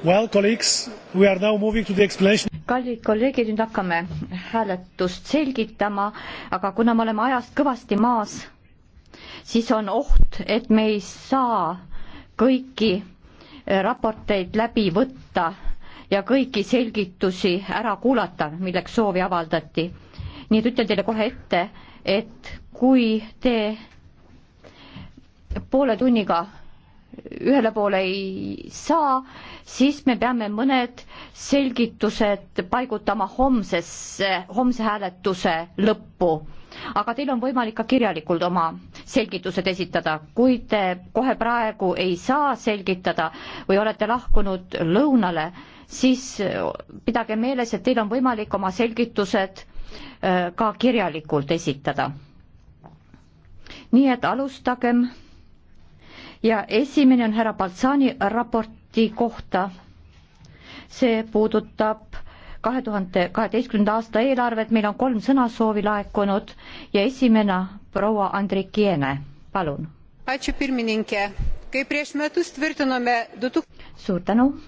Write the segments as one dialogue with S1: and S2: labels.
S1: Well, kallid
S2: kolleegid, nüüd hakkame hääletust selgitama, aga kuna me oleme ajast kõvasti maas, siis on oht, et me ei saa kõiki eh, raporteid läbi võtta ja kõiki selgitusi ära kuulata, milleks soovi avaldati. nii et ütlen teile kohe ette, et kui te poole tunniga ühele poole ei saa, siis me peame mõned selgitused paigutama homsesse, homse hääletuse lõppu. aga teil on võimalik ka kirjalikult oma selgitused esitada, kui te kohe praegu ei saa selgitada või olete lahkunud lõunale, siis pidage meeles, et teil on võimalik oma selgitused äh, ka kirjalikult esitada. nii et alustagem ja esimene on härra Baltsani raporti kohta. see puudutab kahe tuhande kaheteistkümnenda aasta eelarvet, meil on kolm sõnasoovi laekunud ja esimene proua Andrikiene, palun. suur tänu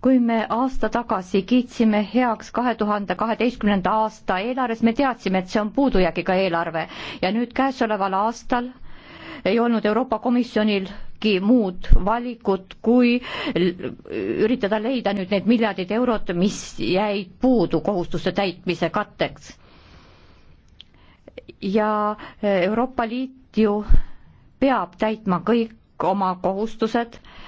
S2: kui me aasta tagasi kiitsime heaks kahe tuhande kaheteistkümnenda aasta eelarves, me teadsime, et see on puudujäägiga eelarve ja nüüd käesoleval aastal ei olnud Euroopa Komisjonilgi muud valikut, kui üritada leida nüüd need miljardid eurot, mis jäid puudu kohustuste täitmise katteks. ja Euroopa Liit ju peab täitma kõik oma kohustused äh,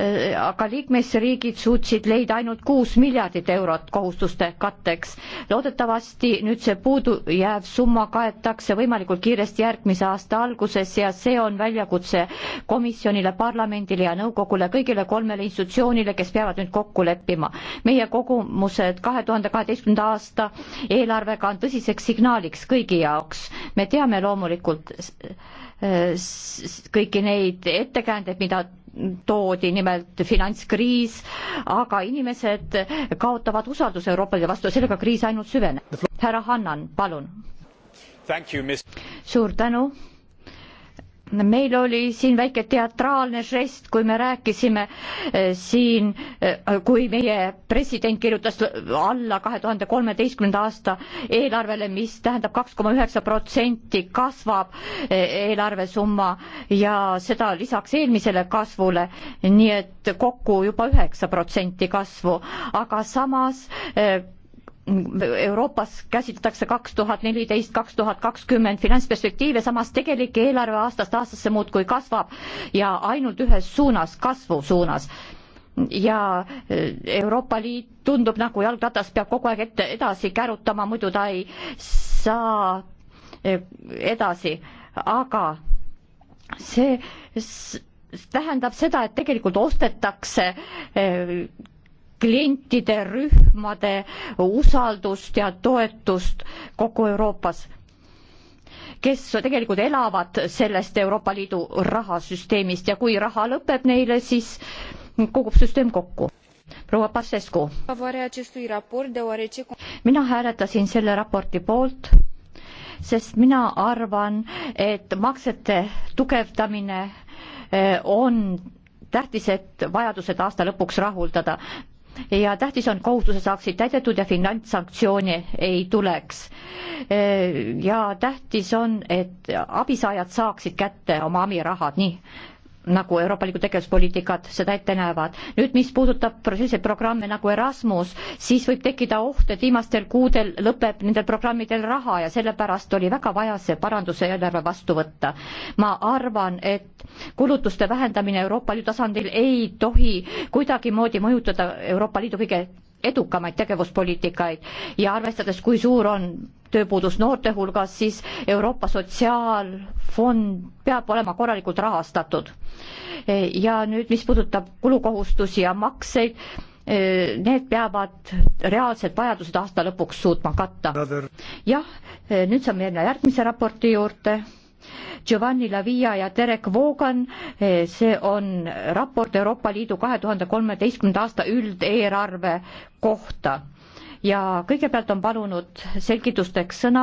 S2: Äh, aga liikmesriigid suutsid leida ainult kuus miljardit eurot kohustuste katteks. loodetavasti nüüd see puudujääv summa kaetakse võimalikult kiiresti järgmise aasta alguses ja see on väljakutse komisjonile, parlamendile ja nõukogule, kõigile kolmele institutsioonile, kes peavad nüüd kokku leppima. meie kogumused kahe tuhande kaheteistkümnenda aasta eelarvega on tõsiseks signaaliks kõigi jaoks. me teame loomulikult äh, kõiki neid ettekäändeid, mida toodi, nimelt finantskriis, aga inimesed kaotavad usalduse Euroopa Liidu vastu ja sellega kriis ainult süveneb. härra Hannan, palun. suur tänu meil oli siin väike teatraalne žest, kui me rääkisime eh, siin, eh, kui meie president kirjutas alla kahe tuhande kolmeteistkümnenda aasta eelarvele, mis tähendab kaks koma üheksa protsenti kasvab eh, eelarvesumma ja seda lisaks eelmisele kasvule, nii et kokku juba üheksa protsenti kasvu, aga samas Euroopas käsitletakse kaks tuhat neliteist, kaks tuhat kakskümmend finantsperspektiive, samas tegelik eelarve aastast aastasse muudkui kasvab ja ainult ühes suunas, kasvu suunas. ja e, Euroopa Liit tundub nagu jalgratas peab kogu aeg ette edasi kärutama, muidu ta ei saa e, edasi, aga see tähendab seda, et tegelikult ostetakse e, klientide rühmade usaldust ja toetust kogu Euroopas, kes tegelikult elavad sellest Euroopa Liidu rahasüsteemist ja kui raha lõpeb neile, siis kogub süsteem kokku. proua Pasescu. mina hääletasin selle raporti poolt, sest mina arvan, et maksete tugevdamine eh, on tähtis, et vajadused aasta lõpuks rahuldada ja tähtis on, kohustuse saaksid täidetud ja finantssanktsioone ei tuleks. Äh, ja tähtis on, et abisaajad saaksid kätte oma amirahad, nii nagu Euroopa Liidu tegevuspoliitikad seda ette näevad. nüüd, mis puudutab selliseid programme nagu Erasmus, siis võib tekkida oht, et viimastel kuudel lõpeb nendel programmidel raha ja sellepärast oli väga vaja see paranduse eelarve vastu võtta. ma arvan, et kulutuste vähendamine Euroopa Liidu tasandil ei tohi kuidagimoodi mõjutada Euroopa Liidu kõige edukamaid tegevuspoliitikaid ja arvestades, kui suur on tööpuudus noorte hulgas, siis Euroopa Sotsiaalfond peab olema korralikult rahastatud. ja nüüd, mis puudutab kulukohustusi ja makseid, need peavad reaalsed vajadused aasta lõpuks suutma katta. jah, nüüd saame minna järgmise raporti juurde. Giovanni Lavia ja Derek Vaughan, see on raport Euroopa Liidu kahe tuhande kolmeteistkümnenda aasta üldeelarve kohta ja kõigepealt on palunud selgitusteks sõna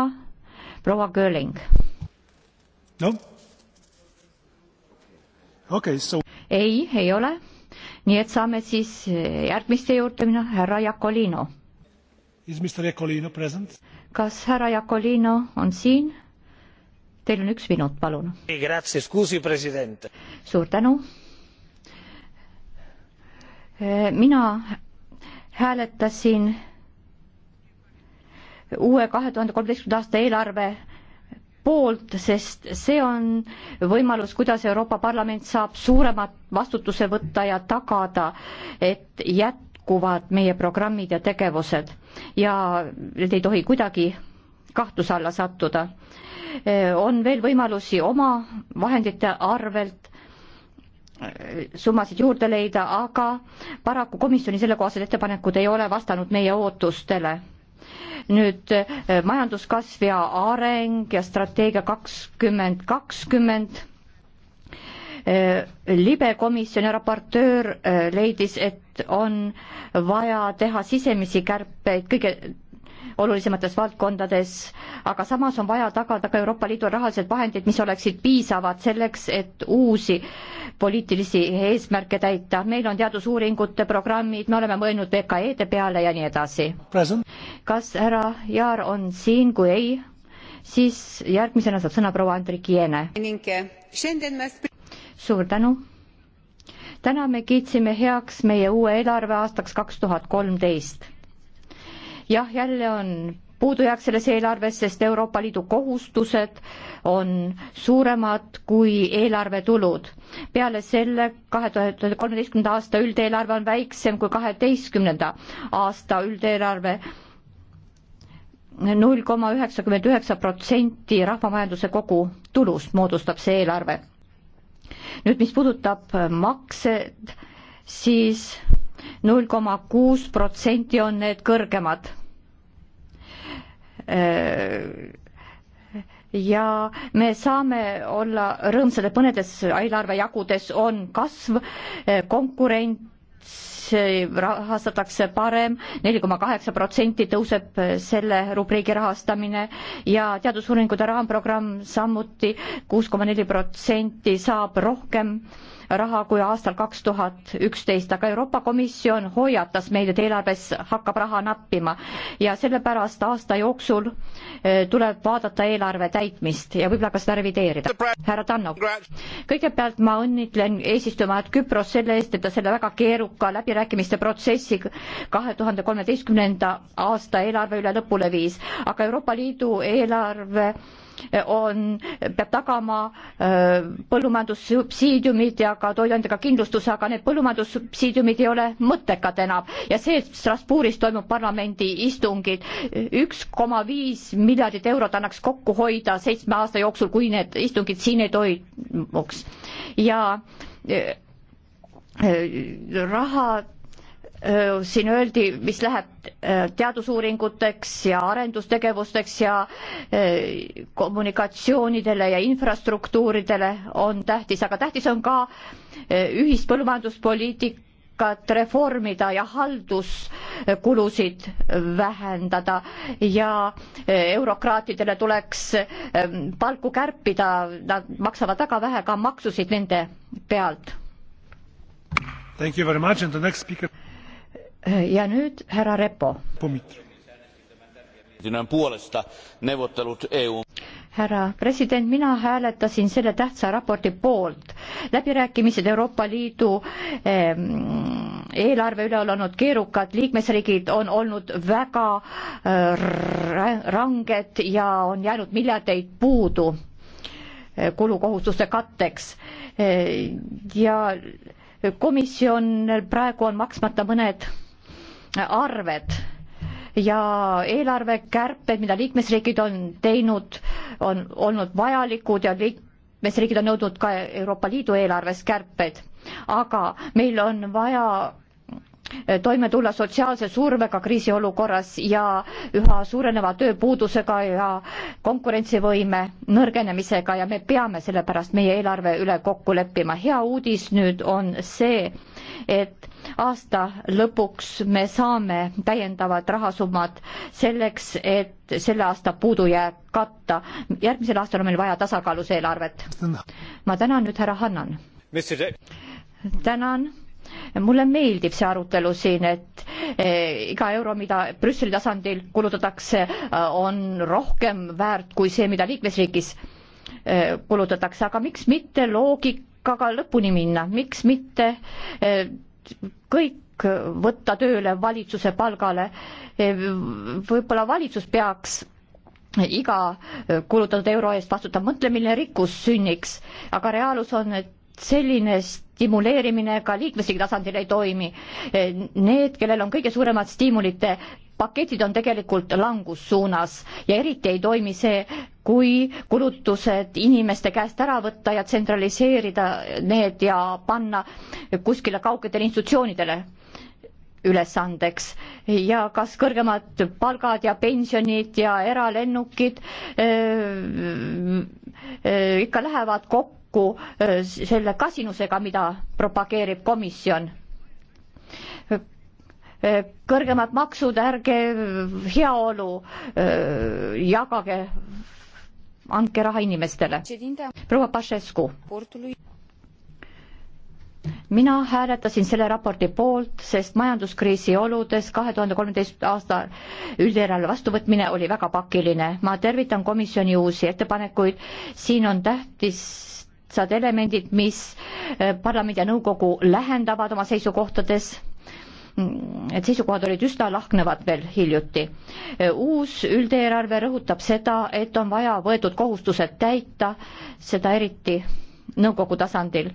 S2: proua Göring. noh. okei okay,, so. ei, ei ole. nii et saame siis järgmiste juurde minna, härra Jakolino.
S3: Is Mr Jakolino present?
S2: kas härra Jakolino on siin? Teil on üks minut, palun. suur tänu. mina hääletasin uue kahe tuhande kolmeteistkümnenda aasta eelarve poolt, sest see on võimalus, kuidas Euroopa Parlament saab suuremat vastutuse võtta ja tagada, et jätkuvad meie programmid ja tegevused ja need ei tohi kuidagi kahtluse alla sattuda. E, on veel võimalusi oma vahendite arvelt e, summasid juurde leida, aga paraku komisjoni sellekohased ettepanekud ei ole vastanud meie ootustele nüüd eh, majanduskasv ja areng ja strateegia kakskümmend kakskümmend. Eh, libe komisjoni raportöör eh, leidis, et on vaja teha sisemisi kärpeid kõige olulisemates valdkondades, aga samas on vaja tagada ka Euroopa Liidu rahalised vahendid, mis oleksid piisavad selleks, et uusi poliitilisi eesmärke täita. meil on teadusuuringute programmid, me oleme mõelnud VKE-de peale ja nii edasi. kas härra Jaar on siin, kui ei, siis järgmisena saab sõna proua Andrik Jeene. suur tänu täna me kiitsime heaks meie uue eelarve aastaks kaks tuhat kolmteist jah, jälle on puudujääk selles eelarves, sest Euroopa Liidu kohustused on suuremad kui eelarvetulud. peale selle kahe tuhande kolmeteistkümnenda aasta üldeelarve on väiksem kui kaheteistkümnenda aasta üldeelarve null koma üheksakümmend üheksa protsenti rahvamajanduse kogutulust moodustab see eelarve. nüüd, mis puudutab maksed, siis null koma kuus protsenti on need kõrgemad Äh, ja me saame olla rõõmsad, et mõnedes eelarve jagudes on kasv, äh, konkurents äh, rahastatakse parem, neli koma kaheksa protsenti tõuseb selle rubriigi rahastamine ja teadusuuringute raamprogramm samuti kuus koma neli protsenti saab rohkem äh, raha kui aastal kaks tuhat üksteist, aga Euroopa Komisjon hoiatas meid, et eelarves hakkab raha nappima ja sellepärast aasta jooksul eh, tuleb vaadata eelarve täitmist ja võib-olla ka seda revideerida. härra Tannov, kõigepealt ma õnnitlen eesistujamaad Küpros selle eest, et ta selle väga keeruka läbirääkimiste protsessi kahe tuhande kolmeteistkümnenda aasta eelarve üle lõpule viis, aga Euroopa Liidu eelarve on, peab tagama äh, põllumajandussubsiidiumid ja ka toiduainetega kindlustuse, aga need põllumajandussubsiidiumid ei ole mõttekad enam ja see, et Strasbourgis toimub parlamendi istungid, üks koma viis miljardit eurot annaks kokku hoida seitsme aasta jooksul, kui need istungid siin ei toimuks ja äh, rahad siin öeldi, mis läheb teadusuuringuteks ja arendustegevusteks ja kommunikatsioonidele ja infrastruktuuridele on tähtis, aga tähtis on ka ühist põllumajanduspoliitikat reformida ja halduskulusid vähendada ja eurokraatidele tuleks palku kärpida, nad maksavad väga vähe ka maksusid nende pealt. Thank you very much and the next speaker ja nüüd härra Repo. puolesta neuvottelut EU härra president, mina hääletasin selle tähtsa raporti poolt. läbirääkimised Euroopa Liidu ehm, eelarve üle on olnud keerukad, liikmesriigid on olnud väga äh, ranged ja on jäänud miljardeid puudu äh, kulukohustuste katteks. Äh, ja komisjon praegu on maksmata mõned arved ja eelarvekärped, mida liikmesriigid on teinud, on olnud vajalikud ja liikmesriigid on nõudnud ka Euroopa Liidu eelarves kärpeid. aga meil on vaja Eh, toime tulla sotsiaalse survega kriisiolukorras ja üha suureneva tööpuudusega ja konkurentsivõime nõrgenemisega ja me peame sellepärast meie eelarve üle kokku leppima. hea uudis nüüd on see, et aasta lõpuks me saame täiendavad rahasummad selleks, et selle aasta puudujääk katta. järgmisel aastal on meil vaja tasakaalus eelarvet. ma tänan nüüd härra Hannan. tänan mulle meeldib see arutelu siin, et eh, iga euro, mida Brüsseli tasandil kulutatakse, eh, on rohkem väärt kui see, mida liikmesriigis eh, kulutatakse, aga miks mitte loogikaga lõpuni minna, miks mitte kõik võtta tööle valitsuse palgale, võib-olla valitsus peaks iga kulutatud euro eest vastutama, mõtle, milline rikkus sünniks, aga reaalsus on, et selline stimuleerimine ka liikmesriigi tasandil ei toimi. Need, kellel on kõige suuremad stiimulite paketid, on tegelikult langussuunas ja eriti ei toimi see, kui kulutused inimeste käest ära võtta ja tsentraliseerida need ja panna kuskile kaugetele institutsioonidele ülesandeks ja kas kõrgemad palgad ja pensionid ja eralennukid öö, äh, öö, äh, ikka lähevad kokku kokku selle kasinusega, mida propageerib komisjon. kõrgemad maksud, ärge heaolu jagage, andke raha inimestele. proua Pašescu. mina hääletasin selle raporti poolt, sest majanduskriisi oludes kahe tuhande kolmeteist aasta üldjärele vastuvõtmine oli väga pakiline. ma tervitan komisjoni uusi ettepanekuid, siin on tähtis tähtsad elemendid, mis eh, parlamendi ja nõukogu lähendavad oma seisukohtades mm, et seisukohad olid üsna lahknevad veel hiljuti. Eh, uus üldeelarve rõhutab seda, et on vaja võetud kohustused täita, seda eriti nõukogu tasandil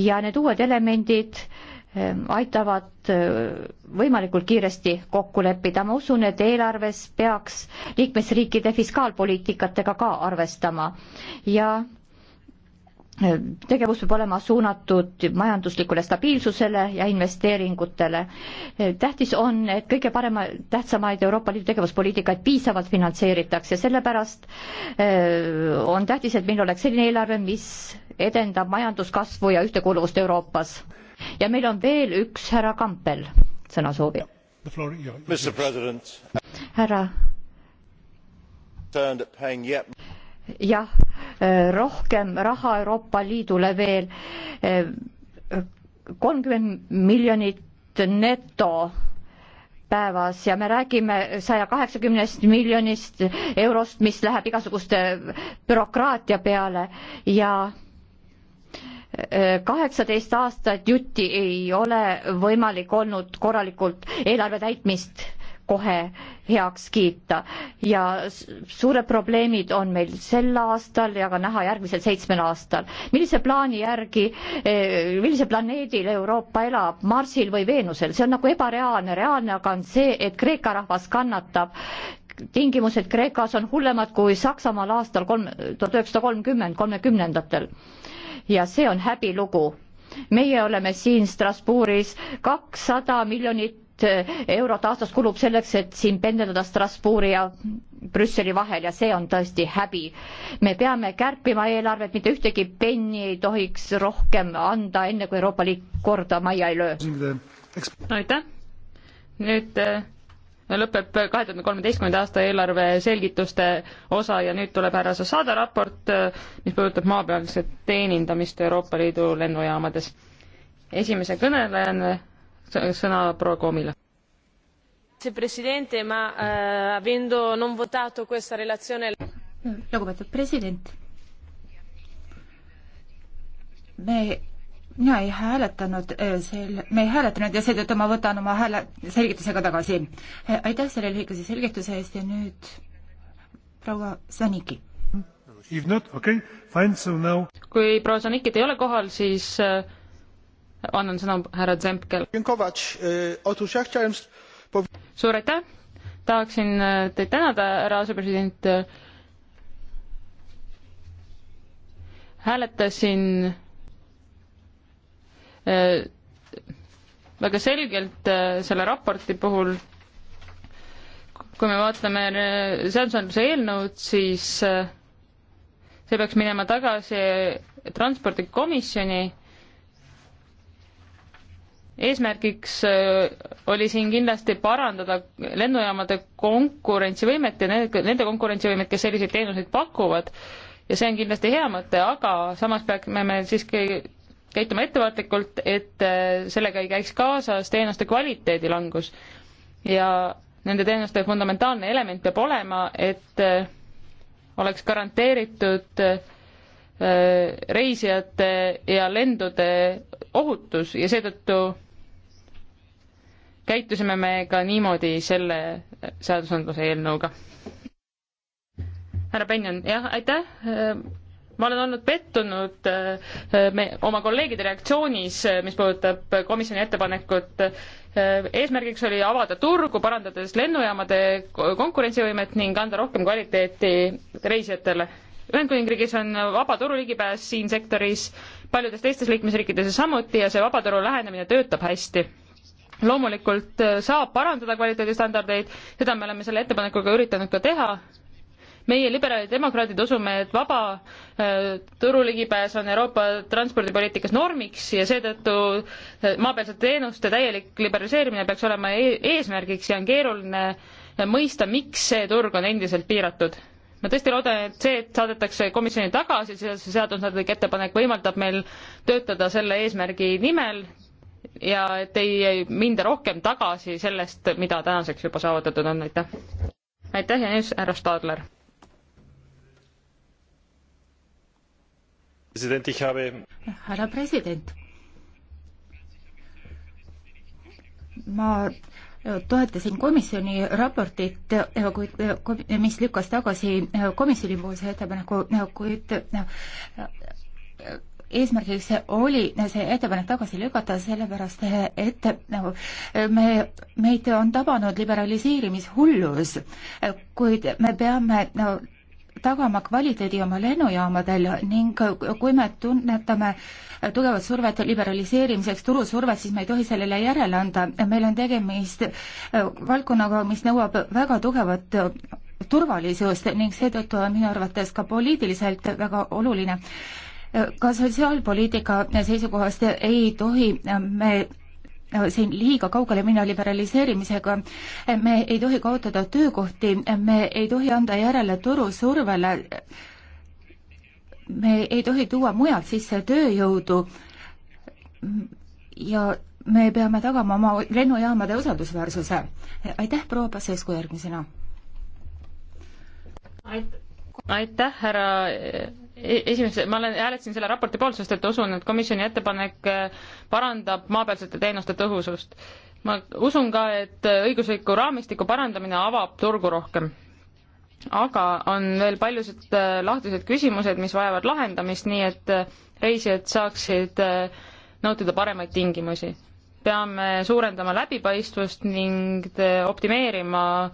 S2: ja need uued elemendid eh, aitavad võimalikult kiiresti kokku leppida. ma usun, et eelarves peaks liikmesriikide fiskaalpoliitikatega ka arvestama ja tegevus peab olema suunatud majanduslikule stabiilsusele ja investeeringutele. tähtis on, et kõige parema, tähtsamaid Euroopa Liidu tegevuspoliitikaid piisavalt finantseeritakse, sellepärast äh, on tähtis, et meil oleks selline eelarve, mis edendab majanduskasvu ja ühtekuuluvust Euroopas. ja meil on veel üks härra Kampel sõnasoovi. härra. jah Äh, rohkem raha Euroopa Liidule veel, äh, kolmkümmend miljonit neto päevas ja me räägime saja kaheksakümnest miljonist eurost, mis läheb igasuguste bürokraatia peale ja äh, kaheksateist aastat jutti ei ole võimalik olnud korralikult eelarve täitmist kohe heaks kiita ja suured probleemid on meil sel aastal ja ka näha järgmisel seitsmel aastal. millise plaani järgi, e, millisel planeedil Euroopa elab, Marsil või Veenusel, see on nagu ebareaalne, reaalne aga on see, et Kreeka rahvas kannatab tingimused Kreekas on hullemad kui Saksamaal aastal kolm, tuhat üheksasada kolmkümmend, kolmekümnendatel. ja see on häbilugu meie oleme siin Strasbourgis kakssada miljonit miljonit eh, eurot aastas kulub selleks, et siin pendeldada Strasbourgi ja Brüsseli vahel ja see on tõesti häbi. me peame kärpima eelarvet, mitte ühtegi penni ei tohiks rohkem
S3: anda, enne kui Euroopa Liit korda majja ei löö. aitäh. nüüd eh, lõpeb kahe tuhande kolmeteistkümnenda aasta eelarve selgituste osa ja nüüd tuleb härra Sassada raport, eh, mis puudutab maapealset teenindamist Euroopa Liidu lennujaamades. esimese kõnelejana sõna proua Koomile. Eh,
S1: lugupeetud president, me mina ei hääletanud eh, sel-, me ei hääletanud ja seetõttu ma võtan oma hääle selgituse ka tagasi. Eh, aitäh selle lühikese selgituse eest ja nüüd proua Saniki. Okay, fine, so now...
S3: kui proua Sanikit ei ole kohal, siis äh, annan sõna härra Tsempkel. E, suur aitäh, tahaksin e, teid tänada, härra asepresident. E, hääletasin väga selgelt selle raporti puhul kui me vaatame seadusandluse eelnõud, siis see peaks minema tagasi transpordikomisjoni eesmärgiks äh, oli siin kindlasti parandada lennujaamade konkurentsivõimet ja need, nende konkurentsivõimet, kes selliseid teenuseid pakuvad, ja see on kindlasti hea mõte, aga samas peame me siiski käituma ettevaatlikult, et äh, sellega ei käiks kaasas teenuste kvaliteedi langus. ja nende teenuste fundamentaalne element peab olema, et äh, oleks garanteeritud reisijate ja lendude ohutus ja seetõttu käitusime me ka niimoodi selle seadusandluse eelnõuga. härra Penjon, jah, aitäh ma olen olnud pettunud äh, me, oma kolleegide reaktsioonis, äh, mis puudutab komisjoni ettepanekut. Äh, eesmärgiks oli avada turgu, parandades lennujaamade konkurentsivõimet ning anda rohkem kvaliteeti reisijatele. Ühendkuningriigis on vaba turu ligipääs siin sektoris, paljudes teistes liikmesriikides samuti ja see vaba turu lähenemine töötab hästi loomulikult äh, saab parandada kvaliteedistandardeid, seda me oleme selle ettepanekuga üritanud ka teha. meie liberaalid demokraadid usume, et vaba äh, turu ligipääs on Euroopa transpordipoliitikas normiks ja seetõttu äh, maapealsete teenuste täielik liberaliseerimine peaks olema e-, eesmärgiks ja on keeruline mõista, miks see turg on endiselt piiratud ma tõesti loodan, et see, et saadetakse komisjoni tagasi, see seadusandlik ettepanek võimaldab meil töötada selle eesmärgi nimel ja et ei minda rohkem tagasi sellest, mida tänaseks juba saavutatud on, aitäh. aitäh ja nüüd härra Stadler. härra president.
S1: ma toetasin komisjoni raportit, kuid mis lükkas tagasi komisjoni poolse ettepaneku, kuid eesmärgiks oli see ettepanek tagasi lükata, sellepärast et nagu me, meid on tabanud liberaliseerimishullus, kuid me peame no, tagama kvaliteedi oma lennujaamadel ning kui me tunnetame tugevat survet liberaliseerimiseks, turusurvet, siis me ei tohi sellele järele anda. meil on tegemist valdkonnaga, mis nõuab väga tugevat turvalisust ning seetõttu on minu arvates ka poliitiliselt väga oluline ka sotsiaalpoliitika seisukohast ei tohi me siin liiga kaugele minna liberaliseerimisega, me ei tohi kaotada töökohti, me ei tohi anda järele turusurvele, me ei tohi tuua mujalt sisse tööjõudu ja me peame tagama oma lennujaamade usaldusväärsuse. aitäh, proua Pasescu järgmisena!
S3: aitäh, härra E-, esimese, ma olen, hääletasin selle raporti poolt, sest et usun, et komisjoni ettepanek äh, parandab maapealsete teenuste tõhusust. ma usun ka, et õigusliku raamistiku parandamine avab turgu rohkem. aga on veel paljusid äh, lahtised küsimused, mis vajavad lahendamist, nii et äh, reisijad saaksid nautida paremaid tingimusi. peame suurendama läbipaistvust ning optimeerima äh,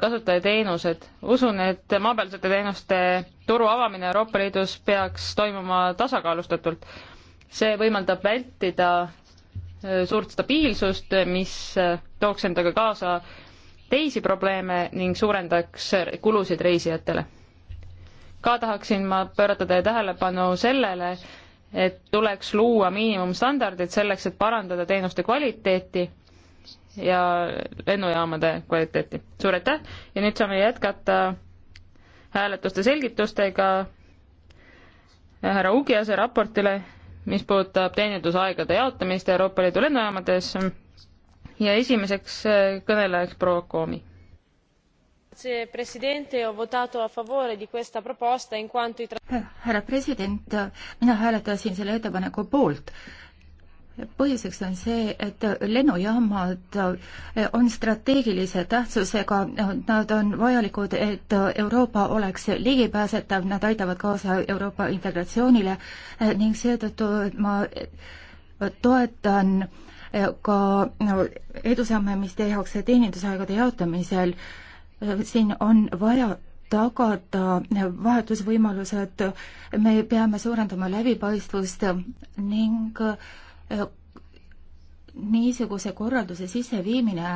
S3: kasutajateenused. usun, et maapealsete teenuste turu avamine Euroopa Liidus peaks toimuma tasakaalustatult. see võimaldab vältida äh, suurt stabiilsust, mis äh, tooks endaga kaasa teisi probleeme ning suurendaks kulusid reisijatele. ka tahaksin ma pöörata teie tähelepanu sellele, et tuleks luua miinimumstandardid selleks, et parandada teenuste kvaliteeti ja lennujaamade kvaliteeti. suur aitäh ja nüüd saame jätkata hääletuste selgitustega härra Ugiase raportile, mis puudutab teenindusaegade jaotamist Euroopa Liidu lennujaamades ja esimeseks äh, kõnelejaks proua Koomi.
S1: härra president, mina hääletasin selle ettepaneku poolt põhjuseks on see, et lennujaamad on strateegilise tähtsusega, nad on vajalikud, et Euroopa oleks ligipääsetav, nad aitavad kaasa Euroopa integratsioonile ning seetõttu ma toetan ka edusamme, mis tehakse teenindusaegade jaotamisel. siin on vaja tagada vahetusvõimalused, me peame suurendama läbipaistvust ning äh, niisuguse korralduse sisseviimine,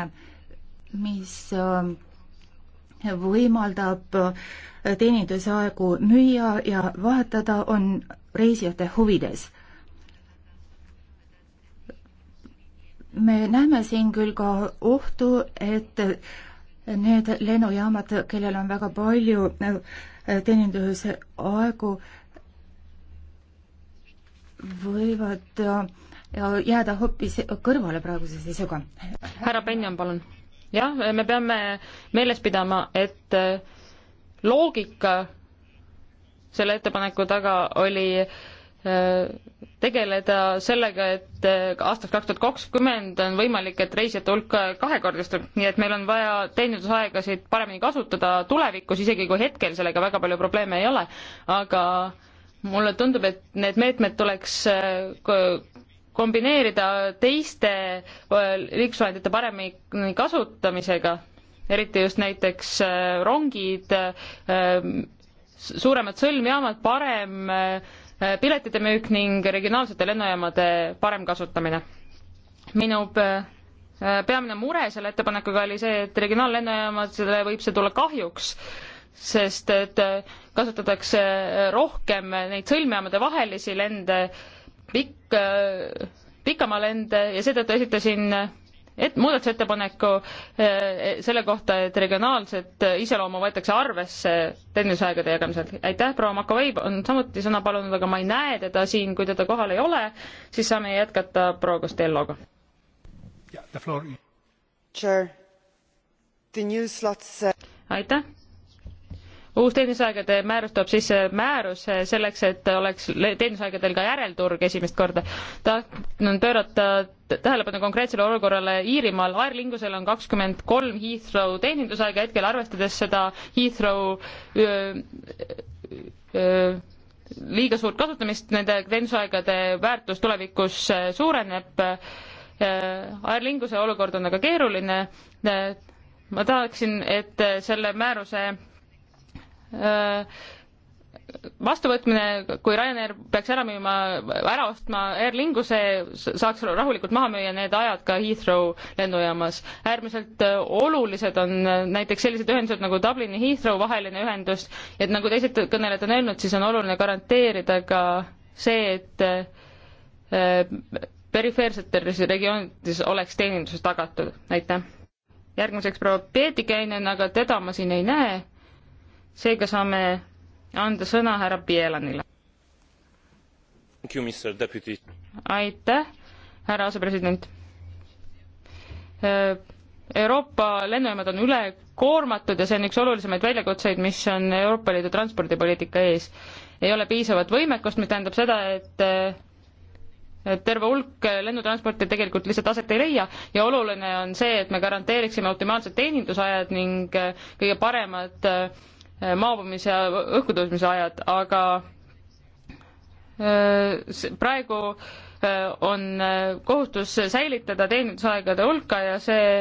S1: mis äh, võimaldab äh, teenindusaegu müüa ja vahetada, on reisijate huvides. me näeme siin küll ka ohtu, et need lennujaamad, kellel on väga palju äh, teenindusaegu, võivad
S3: äh, jääda hoopis
S1: kõrvale praeguse seisuga.
S3: härra Benjan, palun. jah, me peame meeles pidama, et äh, loogika selle ettepaneku taga oli äh, tegeleda sellega, et äh, aastaks kaks tuhat kakskümmend on võimalik, et reisijate hulk kahekordistub, nii et meil on vaja teenindusaegasid paremini kasutada tulevikus, isegi kui hetkel sellega väga palju probleeme ei ole, aga mulle tundub, et need meetmed tuleks kombineerida teiste äh, liiklusvahendite paremini kasutamisega, eriti just näiteks äh, rongid, äh, suuremad sõlmjaamad, parem piletite müük ning regionaalsete lennujaamade parem kasutamine. minu peamine mure selle ettepanekuga oli see, et regionaallennujaamadele võib see tulla kahjuks, sest et kasutatakse rohkem neid sõlmjaamade vahelisi lende pikk, pikama lende ja seetõttu esitasin et muudatusettepaneku eh, selle kohta, et regionaalset iseloomu võetakse arvesse teenindusaegade jagamisel. aitäh, proua Makovei on samuti sõna palunud, aga ma ei näe teda siin, kui teda kohal ei ole, siis saame jätkata proua Costelloga. Uh- aitäh uus teenusaegade määrus toob sisse määruse selleks, et oleks teenusaegadel ka järelturg esimest korda. tahan pöörata tähelepanu konkreetsele olukorrale Iirimaal. Aer Lingusel on kakskümmend kolm Heathrow teenindusaega hetkel, arvestades seda Heathrow öö, öö, liiga suurt kasutamist, nende teenusaegade väärtus tulevikus suureneb. Aer Linguse olukord on aga keeruline. ma tahaksin, et selle määruse vastuvõtmine, kui Ryanair peaks ära müüma, ära ostma Air Linguse, saaks rahulikult maha müüa need ajad ka Heathrow lennujaamas. äärmiselt äh, olulised on äh, näiteks sellised ühendused nagu Dublini Heathrow vaheline ühendus, et nagu teised kõnelejad on öelnud, siis on oluline garanteerida ka see, et äh, perifeersetes regioonides oleks teenindus tagatud. aitäh! järgmiseks proua Peetikäinen, aga teda ma siin ei näe seega saame anda sõna härra Bielanile. aitäh, härra asepresident. Äh, Euroopa lennujaamad on ülekoormatud ja see on üks olulisemaid väljakutseid, mis on Euroopa Liidu transpordipoliitika ees. ei ole piisavat võimekust, mis tähendab seda, et äh, terve hulk lennutransporti tegelikult lihtsalt aset ei leia ja oluline on see, et me garanteeriksime optimaalsed teenindusajad ning äh, kõige paremad äh, Äh, maabumise ja õhkutõusmise ajad, aga äh, praegu äh, on kohustus säilitada teenindusaegade hulka ja see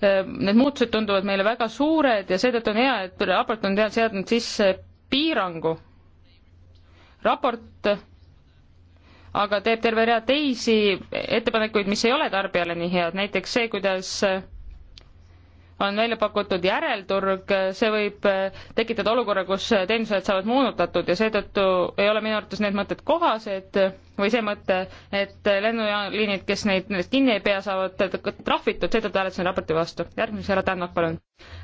S3: Need muutused tunduvad meile väga suured ja seetõttu on hea, et raport on seadnud sisse piirangu. raport aga teeb terve rea teisi ettepanekuid, mis ei ole tarbijale nii head, näiteks see, kuidas äh, on välja pakutud järelturg, see võib äh, tekitada olukorra, kus äh, teenused saavad moonutatud ja seetõttu ei ole minu arvates need mõtted kohased või see mõte, et äh, lennuliinid, kes neid, nendest kinni ei pea, saavad trahvitud, seetõttu hääletasin raporti vastu. järgmiseks härra Tänak, palun.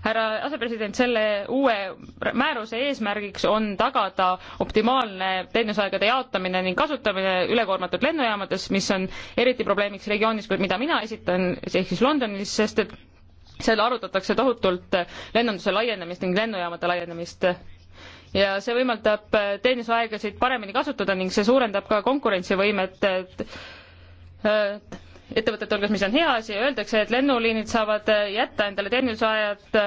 S3: härra asepresident, selle uue määruse eesmärgiks on tagada optimaalne teenusaegade jaotamine ning kasutamine ülekoormatud lennujaamades, mis on eriti probleemiks regioonis, mida mina esitan, ehk siis Londonis, sest et seal arutatakse tohutult lennunduse laienemist ning lennujaamade laienemist ja see võimaldab teenindusaegasid paremini kasutada ning see suurendab ka konkurentsivõimet ettevõtete hulgas, mis on hea asi, öeldakse, et lennuliinid saavad jätta endale teenindusajad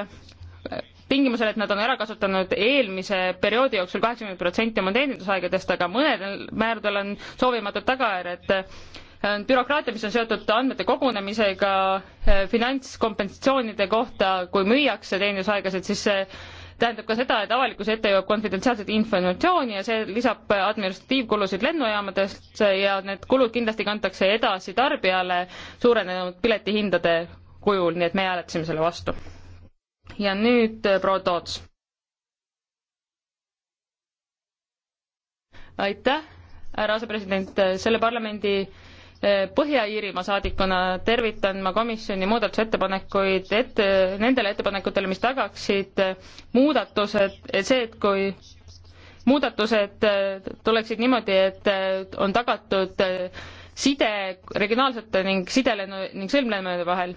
S3: tingimusel, et nad on ära kasutanud eelmise perioodi jooksul kaheksakümmend protsenti oma teenindusaegadest, aga mõnel määradel on soovimatud tagajärjed on äh, bürokraatia, mis on seotud andmete kogunemisega, äh, finantskompensatsioonide kohta, kui müüakse teenus aeglaselt, siis see tähendab ka seda, et avalikkuse ette jõuab konfidentsiaalset informatsiooni ja see lisab administratiivkulusid lennujaamadest ja need kulud kindlasti kantakse edasi tarbijale suurenenud piletihindade kujul, nii et me hääletasime selle vastu. ja nüüd äh, proua Toots. aitäh, härra asepresident, selle parlamendi Eh, Põhja-Iirimaa saadikuna tervitan ma komisjoni muudatusettepanekuid ette, nendele ettepanekutele, mis tagaksid eh, muudatused, see, et kui muudatused eh, tuleksid niimoodi, et on tagatud side regionaalsete ning sidelennu ning sõlmlennude vahel.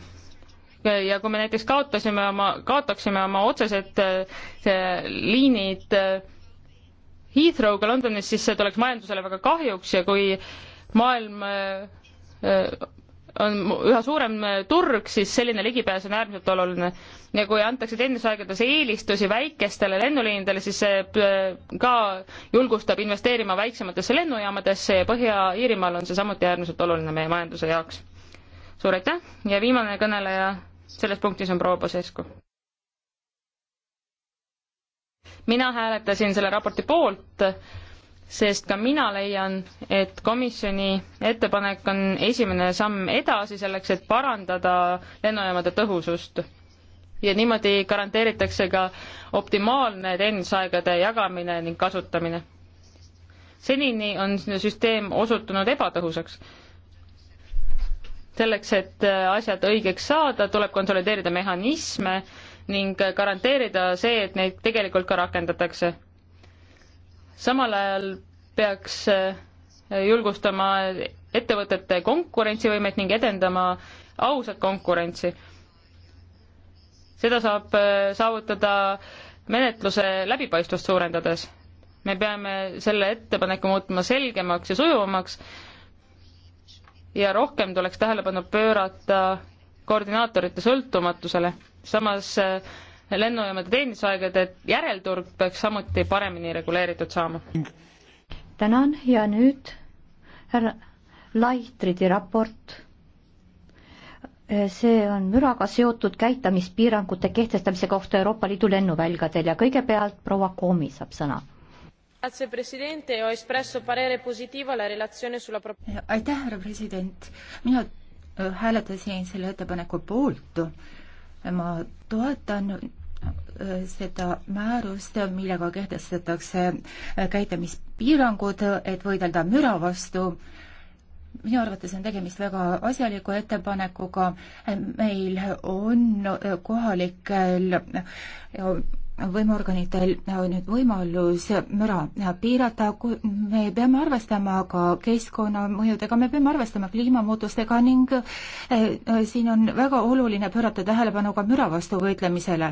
S3: ja kui me näiteks kaotasime oma, kaotaksime oma otsesed liinid Heathrow'ga Londonis, siis see tuleks majandusele väga kahjuks ja kui maailm äh, äh, on üha suurem turg, siis selline ligipääs on äärmiselt oluline. ja kui antakse teenindusaegades eelistusi väikestele lennuliinidele, siis see äh, ka julgustab investeerima väiksematesse lennujaamadesse ja Põhja-Iirimaal on see samuti äärmiselt oluline meie majanduse jaoks. suur aitäh ja viimane kõneleja selles punktis on proua Posescu. mina hääletasin selle raporti poolt sest ka mina leian, et komisjoni ettepanek on esimene samm edasi selleks, et parandada lennujaamade tõhusust. ja niimoodi garanteeritakse ka optimaalne teenindusaegade jagamine ning kasutamine. senini on süsteem osutunud ebatõhusaks. selleks, et asjad õigeks saada, tuleb konsolideerida mehhanisme ning garanteerida see, et neid tegelikult ka rakendatakse samal ajal peaks eh, julgustama ettevõtete konkurentsivõimet ning edendama ausat konkurentsi. seda saab eh, saavutada menetluse läbipaistvust suurendades. me peame selle ettepaneku muutma selgemaks ja sujuvamaks ja rohkem tuleks tähelepanu pöörata koordinaatorite sõltumatusele. samas eh, lennujaamade teenindusaegade järelturg peaks samuti paremini reguleeritud saama.
S2: tänan ja nüüd härra Laitridi raport. see on müraga seotud käitamispiirangute kehtestamise kohta Euroopa Liidu lennuvälgadel ja kõigepealt proua Komi saab sõna.
S3: aitäh, härra
S1: president, mina äh, hääletasin selle ettepaneku poolt ma toetan seda määrust, millega kehtestatakse käitumispiirangud, et võidelda müra vastu. minu arvates on tegemist väga asjaliku ettepanekuga. meil on kohalikel võimuorganitel on äh, nüüd võimalus äh, müra äh, piirata, me peame arvestama ka keskkonnamõjudega, me peame arvestama kliimamuutustega ning siin on väga oluline pöörata tähelepanu ka müra vastu võitlemisele.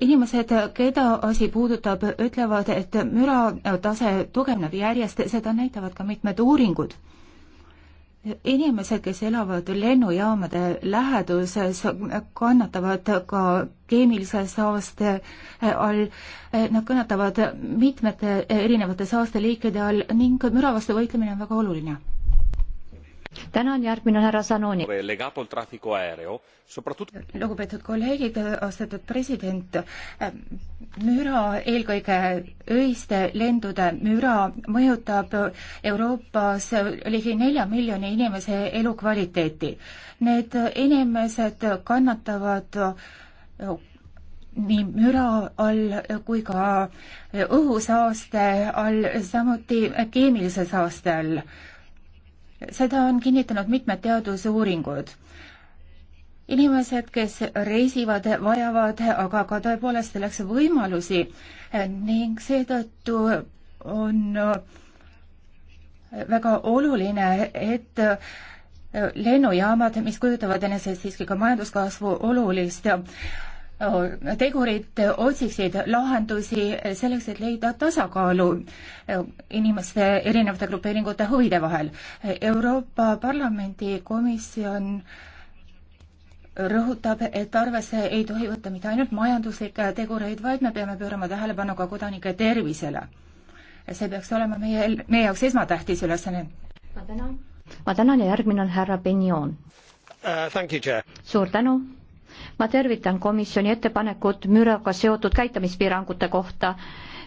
S1: inimesed, keda asi puudutab, ütlevad, et müra tase tugevneb järjest, seda näitavad ka mitmed uuringud inimesed, kes elavad lennujaamade läheduses, kannatavad ka keemilise saaste eh, all, eh, nad kannatavad mitmete eh, erinevate saasteliikide all ning müra vastu võitlemine on väga oluline tänan, järgmine on härra Zanoni. lugupeetud kolleegid, austatud president, müra, eelkõige öiste lendude müra mõjutab Euroopas ligi nelja miljoni inimese elukvaliteeti. Need inimesed kannatavad nii müra all kui ka õhusaaste all, samuti keemilise saaste all seda on kinnitanud mitmed teadusuuringud. inimesed, kes reisivad, vajavad aga ka tõepoolest selleks võimalusi eh, ning seetõttu on eh, väga oluline, et eh, lennujaamad, mis kujutavad enesest siiski ka majanduskasvu olulist tegurid otsiksid lahendusi selleks, et leida tasakaalu inimeste erinevate grupeeringute huvide vahel. Euroopa Parlamendi komisjon rõhutab, et arvesse ei tohi võtta mitte ainult majanduslikke tegureid, vaid me peame pöörama tähelepanu ka kodanike tervisele. see peaks olema meie, meie jaoks esmatähtis ülesanne. ma tänan. ma tänan ja
S2: järgmine on härra Benjon
S3: uh,.
S2: suur tänu ma tervitan komisjoni ettepanekut müraga seotud käitumispiirangute kohta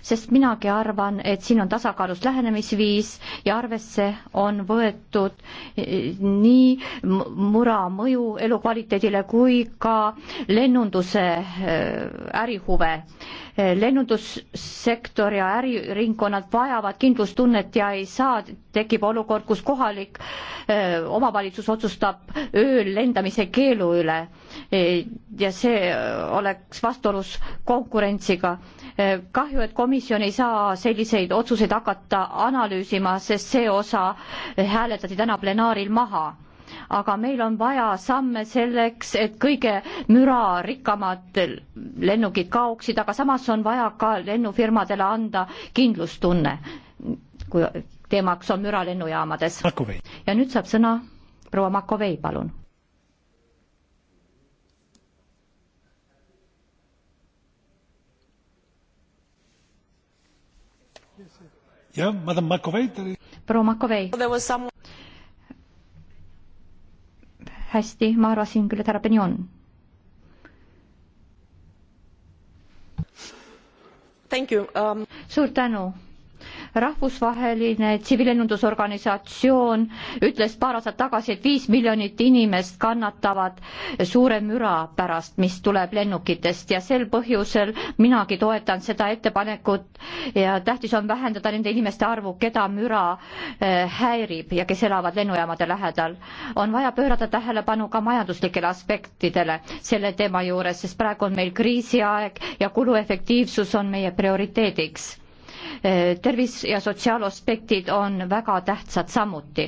S2: sest minagi arvan, et siin on tasakaalus lähenemisviis ja arvesse on võetud nii mura mõju elukvaliteedile kui ka lennunduse äh, ärihuve. lennundussektor ja äriringkonnad vajavad kindlustunnet ja ei saa, tekib olukord, kus kohalik äh, omavalitsus otsustab ööl lendamise keelu üle äh, ja see oleks vastuolus konkurentsiga. kahju, et kom-, komisjon ei saa selliseid otsuseid hakata analüüsima, sest see osa hääletati täna plenaaril maha. aga meil on vaja samme selleks, et kõige mürarikkamad lennukid kaoksid, aga samas on vaja ka lennufirmadele anda kindlustunne, kui teemaks on müra lennujaamades. ja nüüd saab sõna proua Makovei, palun
S1: jah, madam Makovei.
S2: proua Makovei. hästi, ma arvasin küll, et härra Benjon. Um... suur tänu rahvusvaheline tsiviilennundusorganisatsioon ütles paar aastat tagasi, et viis miljonit inimest kannatavad suure müra pärast, mis tuleb lennukitest ja sel põhjusel minagi toetan seda ettepanekut ja tähtis on vähendada nende inimeste arvu, keda müra eh, häirib ja kes elavad lennujaamade lähedal. on vaja pöörata tähelepanu ka majanduslikele aspektidele selle teema juures, sest praegu on meil kriisiaeg ja kuluefektiivsus on meie prioriteediks Äh, tervis- ja sotsiaalaspektid on väga tähtsad samuti.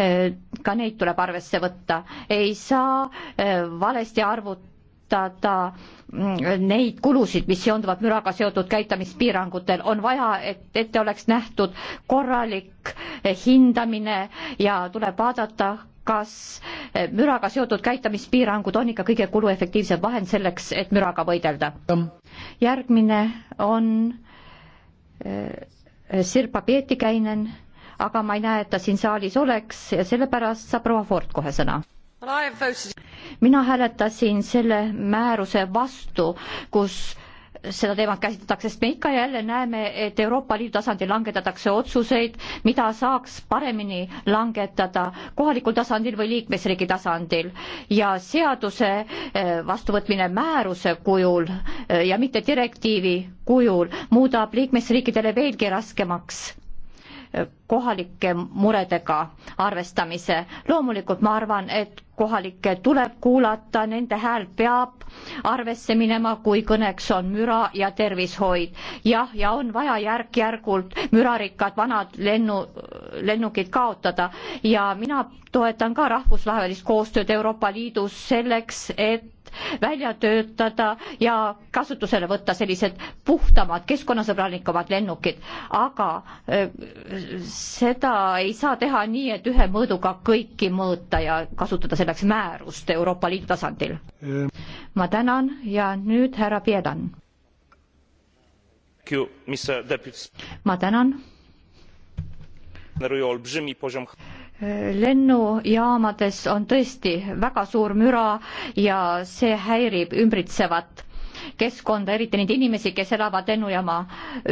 S2: Äh, ka neid tuleb arvesse võtta, ei saa äh, valesti arvutada mm, neid kulusid, mis seonduvad müraga seotud käitumispiirangutel, on vaja, et ette oleks nähtud korralik hindamine ja tuleb vaadata, kas müraga seotud käitumispiirangud on ikka kõige kuluefektiivsem vahend selleks, et müraga võidelda? järgmine on Äh, Sirpa Peeti Käinen, aga ma ei näe, et ta siin saalis oleks ja sellepärast saab proua Ford kohe sõna mina hääletasin selle määruse vastu, kus seda teemat käsitletakse, sest me ikka ja jälle näeme, et Euroopa Liidu tasandil langetatakse otsuseid, mida saaks paremini langetada kohalikul tasandil või liikmesriigi tasandil ja seaduse eh, vastuvõtmine määruse kujul eh, ja mitte direktiivi kujul muudab liikmesriikidele veelgi raskemaks eh, kohalike muredega arvestamise. loomulikult ma arvan, et kohalikke tuleb kuulata, nende hääl peab arvesse minema, kui kõneks on müra ja tervishoid. jah, ja on vaja järk-järgult mürarikkad vanad lennu, lennukid kaotada ja mina toetan ka rahvusvahelist koostööd Euroopa Liidus selleks, et välja töötada ja kasutusele võtta sellised puhtamad, keskkonnasõbralikumad lennukid, aga seda ei saa teha nii, et ühe mõõduga kõiki mõõta ja kasutada selleks määrust Euroopa Liidu tasandil. ma tänan ja nüüd härra Piedan. ma tänan lennujaamades on tõesti väga suur müra ja see häirib ümbritsevat keskkonda, eriti neid inimesi, kes elavad lennujaama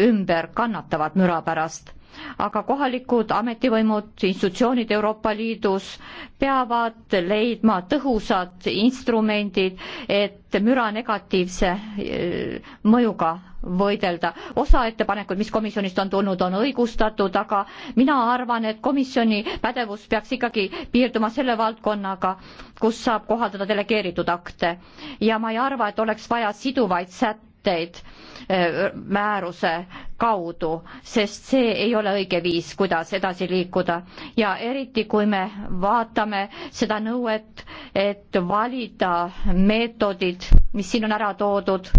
S2: ümber, kannatavad müra pärast. aga kohalikud ametivõimud, institutsioonid Euroopa Liidus peavad leidma tõhusad instrumendid, et müra negatiivse eh, mõjuga võidelda. osa ettepanekuid, mis komisjonist on tulnud, on õigustatud, aga mina arvan, et komisjoni pädevus peaks ikkagi piirduma selle valdkonnaga, kus saab kohaldada delegeeritud akte ja ma ei arva, et oleks vaja siduvaid sätteid äh, määruse kaudu, sest see ei ole õige viis, kuidas edasi liikuda ja eriti, kui me vaatame seda nõuet, et valida meetodid, mis siin on ära toodud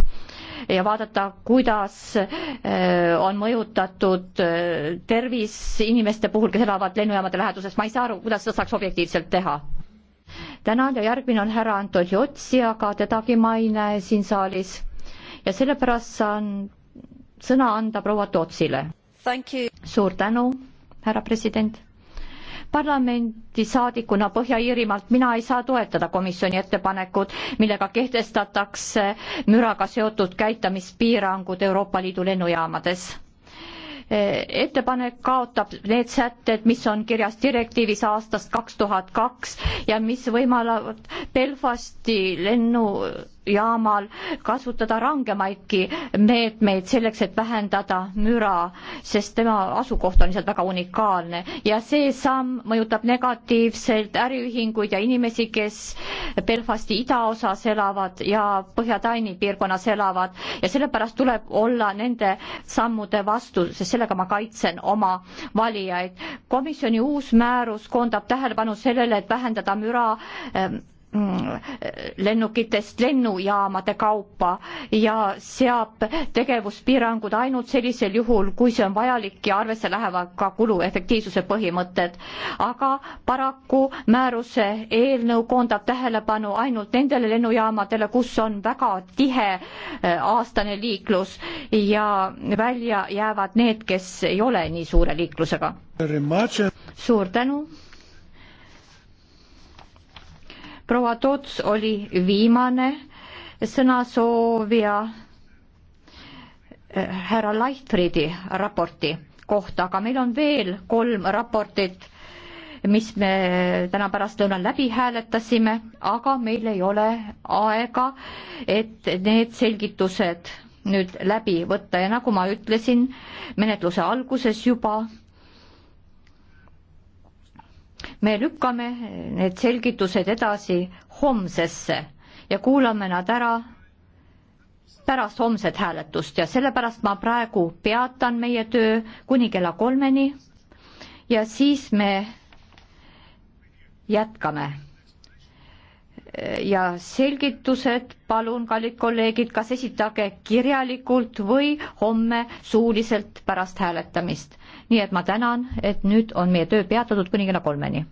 S2: ja vaadata, kuidas äh, on mõjutatud äh, tervis inimeste puhul, kes elavad lennujaamade läheduses, ma ei saa aru, kuidas seda saaks objektiivselt teha. tänan ja järgmine on härra Anton Jotsi, aga tedagi ma ei näe siin saalis ja sellepärast saan sõna anda proua Tootsile. suur tänu, härra president parlamendisaadikuna Põhja-Iirimaalt mina ei saa toetada komisjoni ettepanekut, millega kehtestatakse müraga seotud käitamispiirangud Euroopa Liidu lennujaamades e, ettepanek kaotab need sätted, mis on kirjas direktiivis aastast kaks tuhat kaks ja mis võimalavad Belfasti lennujaamal kasutada rangemaidki meetmeid selleks, et vähendada müra, sest tema asukoht on lihtsalt väga unikaalne ja see samm mõjutab negatiivselt äriühinguid ja inimesi, kes Belfasti idaosas elavad ja Põhja-Taani piirkonnas elavad ja sellepärast tuleb olla nende sammude vastu, sest sellega ma kaitsen oma valijaid. komisjoni uus määrus koondab tähelepanu sellele, et vähendada müra ähm, Mm, lennukitest lennujaamade kaupa ja seab tegevuspiirangud ainult sellisel juhul, kui see on vajalik ja arvesse lähevad ka kuluefektiivsuse põhimõtted. aga paraku määruse eelnõu koondab tähelepanu ainult nendele lennujaamadele, kus on väga tihe äh, aastane liiklus ja välja jäävad need, kes ei ole nii suure liiklusega. suur tänu proua Toots oli viimane sõnasoovija eh, härra Leichtfriedi raporti kohta, aga meil on veel kolm raportit, mis me täna pärastlõunal läbi hääletasime, aga meil ei ole aega, et need selgitused nüüd läbi võtta ja nagu ma ütlesin menetluse alguses juba, me lükkame need selgitused edasi homsesse ja kuulame nad ära pärast homset hääletust ja sellepärast ma praegu peatan meie töö kuni kella kolmeni ja siis me jätkame ja selgitused palun, kallid kolleegid, kas esitage kirjalikult või homme suuliselt pärast hääletamist. nii et ma tänan, et nüüd on meie töö peatatud kuni kella kolmeni.